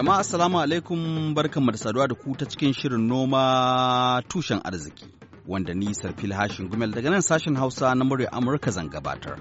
Jama'a assalamu alaikum mu da saduwa da ku ta cikin shirin noma tushen arziki wanda ni Sarfil Hashin Gumel daga nan sashen Hausa na murya Amurka zan gabatar.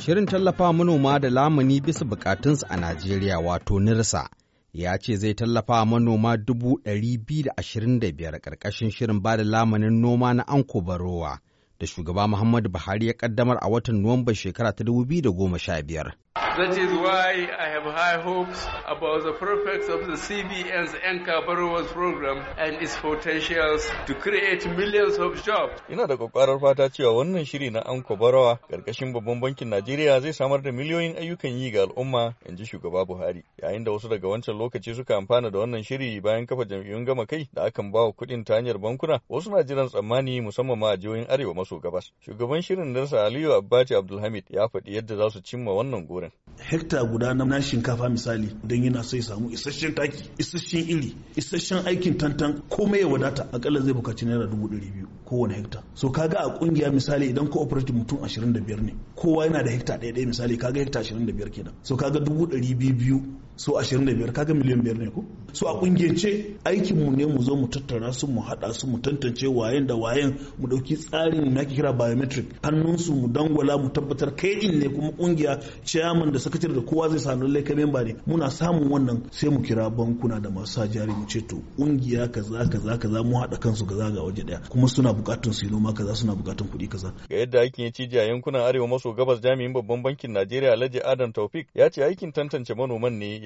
Shirin tallafa manoma da lamuni bisa bukatunsu a Najeriya wato NIRSA ya ce zai tallafa manoma dubu 225 karkashin shirin ba da lamunin noma na Anko Barowa. da shugaba Muhammadu Buhari ya kaddamar a watan Nuwamban shekara ta 2015. That is why I have high hopes about the prospects of the CBN's Anchor Borrowers Program and its potentials to create millions of jobs. Ina da kwakwarar fata cewa wannan shiri na Anko Barawa karkashin babban bankin Najeriya zai samar da miliyoyin ayyukan yi ga al'umma, in ji shugaba Buhari. Yayin da wasu daga wancan lokaci suka amfana da wannan shiri bayan kafa jami'un gama kai da akan bawa kuɗin ta hanyar bankuna, wasu na jiran tsammani musamman ma a jihohin Arewa maso gabas. Shugaban shirin Darsa Aliyu Abbati Abdulhamid ya faɗi yadda za su cimma wannan gurin. hekta guda na shinkafa misali don yana sai samu isasshen taki isasshen iri isasshen aikin tantan komai ya wadata akalla zai bukaci naira dubu ɗari biyu kowane hekta so kaga a kungiya misali idan cooperative mutum ashirin da biyar ne kowa yana da hekta ɗaya ɗaya misali kaga hekta ashirin da biyar kenan so kaga dubu ɗari biyu su 25 kaga miliyan biyar ne ko su a kungiyance aikin mu ne mu zo mu tattara su mu hada su mu tantance wayen da wayen mu dauki tsarin na kira biometric hannun su mu dangwala mu tabbatar kai din ne kuma kungiya chairman da sakatare da kowa zai sanu lalle kai memba ne muna samun wannan sai mu kira bankuna da masu jari mu ce to kungiya kaza kaza kaza mu hada kansu kaza ga waje daya kuma suna bukatun su yi noma kaza suna bukatun kuɗi kaza ga yadda aikin ya cije a yankunan arewa maso gabas jami'in babban bankin Najeriya Alhaji Adam Taufik ya ce aikin tantance manoman ne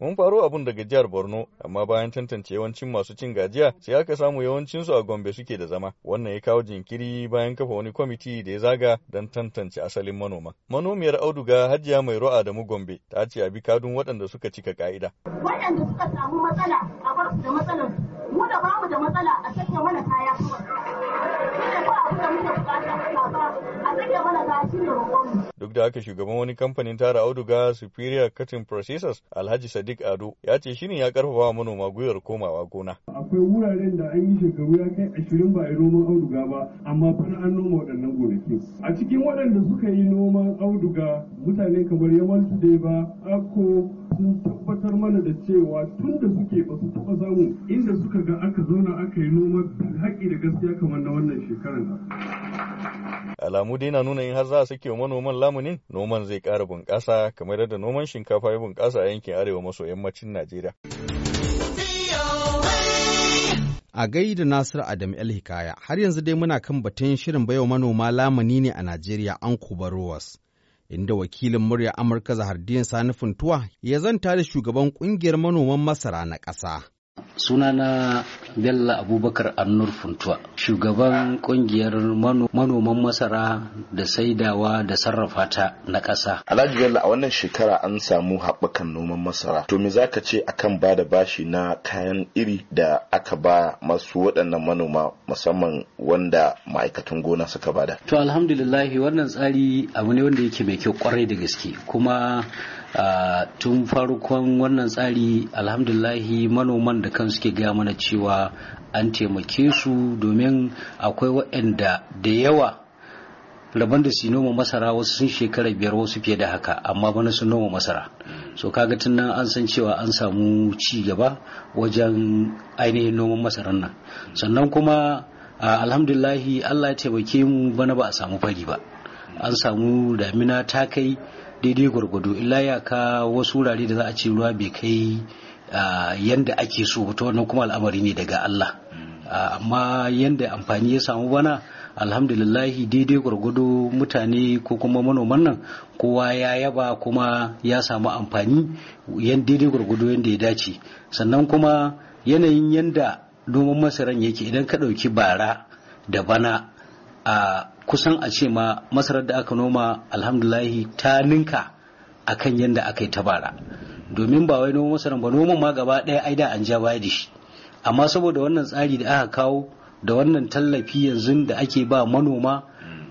Mun faru abun daga jihar Borno, amma bayan tantance yawancin masu cin gajiya sai aka samu yawancinsu a Gombe suke da zama. Wannan ya kawo jinkiri bayan kafa wani kwamiti da ya zaga don tantance asalin manoma. Manomiyar auduga Hajiya Mai Ro'a da mu Gombe ta ce a bi kadun waɗanda suka cika ka'ida. Waɗanda suka samu matsala a bar da matsalar mu da bamu da matsala a sake mana kaya kuma Ba abu da muke bukata ba da aka shugaban wani kamfanin tara auduga Superior cutting Processors Alhaji Sadiq Ado ya ce ne ya karfafa manoma gwiwar komawa gona. Akwai wuraren da an yi shekaru ya kai ashirin ba a yi noman auduga ba amma fana an noma waɗannan gonaki. A cikin waɗanda suka yi noman auduga mutane kamar Yamal Tudeba, ako sun tabbatar mana da cewa tun da suke ba su taɓa samu inda suka ga aka zauna aka yi noma haƙi da gaskiya kamar na wannan shekarar. alamu dai na nuna in har za a sake wa manoman lamunin noman zai ƙara bunƙasa kamar yadda noman shinkafa ya bunƙasa a yankin arewa maso yammacin najeriya a gaida Nasir Adam El Hikaya har yanzu dai muna kan batun shirin baiwa manoma lamuni ne a Najeriya an kubarowas inda wakilin murya Amurka Zahar Din Sani Funtuwa ya zanta da shugaban kungiyar manoman masara na ƙasa. Sunana Bello Abubakar Annur Funtuwa, shugaban ƙungiyar manoman masara da saidawa da sarrafa ta na ƙasa. Alhaji Bello a wannan shekara an samu haɓakan noman masara. To me zaka ce akan ba da bashi na kayan iri da aka ba masu waɗannan manoma musamman wanda ma'aikatan gona suka bada? To alhamdulillah wannan tsari abu ne wanda yake mai kyau kwarai da gaske kuma tun farkon wannan tsari alhamdulahi manoman da kan suke gaya mana cewa an taimake su domin akwai waɗanda da yawa rabon da su noma masara wasu sun shekara biyar wasu fiye da haka amma bana sun noma masara so kaga tun nan an san cewa an samu ci gaba wajen ainihin noman masaran nan sannan kuma alhamdulahi allah ya taimake mu bana ba a samu fari ba an samu damina ta kai daidai gwargwado illa ya ka wasu wurare da za a ce ruwa bai kai yanda ake so ta wannan kuma al'amari ne daga Allah amma yanda amfani ya samu bana alhamdulillahi daidai gwargwado mutane ko kuma manoman nan kowa ya yaba kuma ya samu amfani yan daidai gwargwado yanda ya dace sannan kuma yanayin yanda noman masaran yake idan ka ɗauki bara da bana a kusan a ce ma masarar da aka noma alhamdulahi ta ninka akan yadda aka yi ta bara domin ba wai noman masaran ba noman ma gaba ɗaya ai da an ja baya da shi amma saboda wannan tsari da aka kawo da wannan tallafi yanzu da ake ba manoma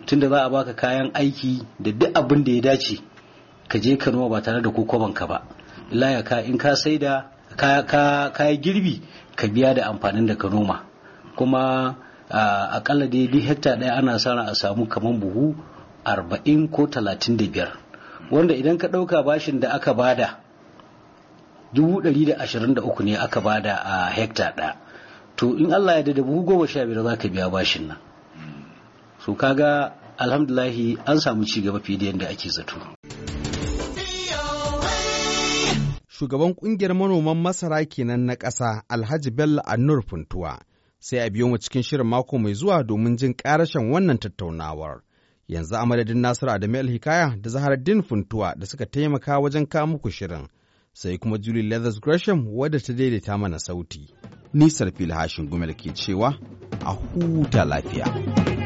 tunda za a baka kayan aiki da duk abin da ya dace ka je ka noma ba tare da kokoban ka ba laya ka in ka sai da ka yi girbi ka biya da amfanin da ka noma kuma akalla dai duk hekta ɗaya ana sa a samu kamar buhu arba'in ko talatin da biyar wanda idan ka ɗauka bashin da aka bada dubu ɗari da ashirin da ne aka bada a hekta ɗaya to in Allah ya da buhu goma sha biyar za ka biya bashin nan so kaga alhamdulahi an samu ci gaba fiye da yadda ake zato shugaban kungiyar manoman masara kenan na ƙasa alhaji bello annur funtuwa sai a biyo mu cikin shirin mako mai zuwa domin jin ƙarashen wannan tattaunawar yanzu a madadin nasiru adamu hikaya da zaharaddin funtuwa da suka taimaka wajen kawo muku shirin sai kuma Julie Leathers Gresham wadda ta daidaita mana sauti. Nisar filhashin gumel ke cewa a huta lafiya.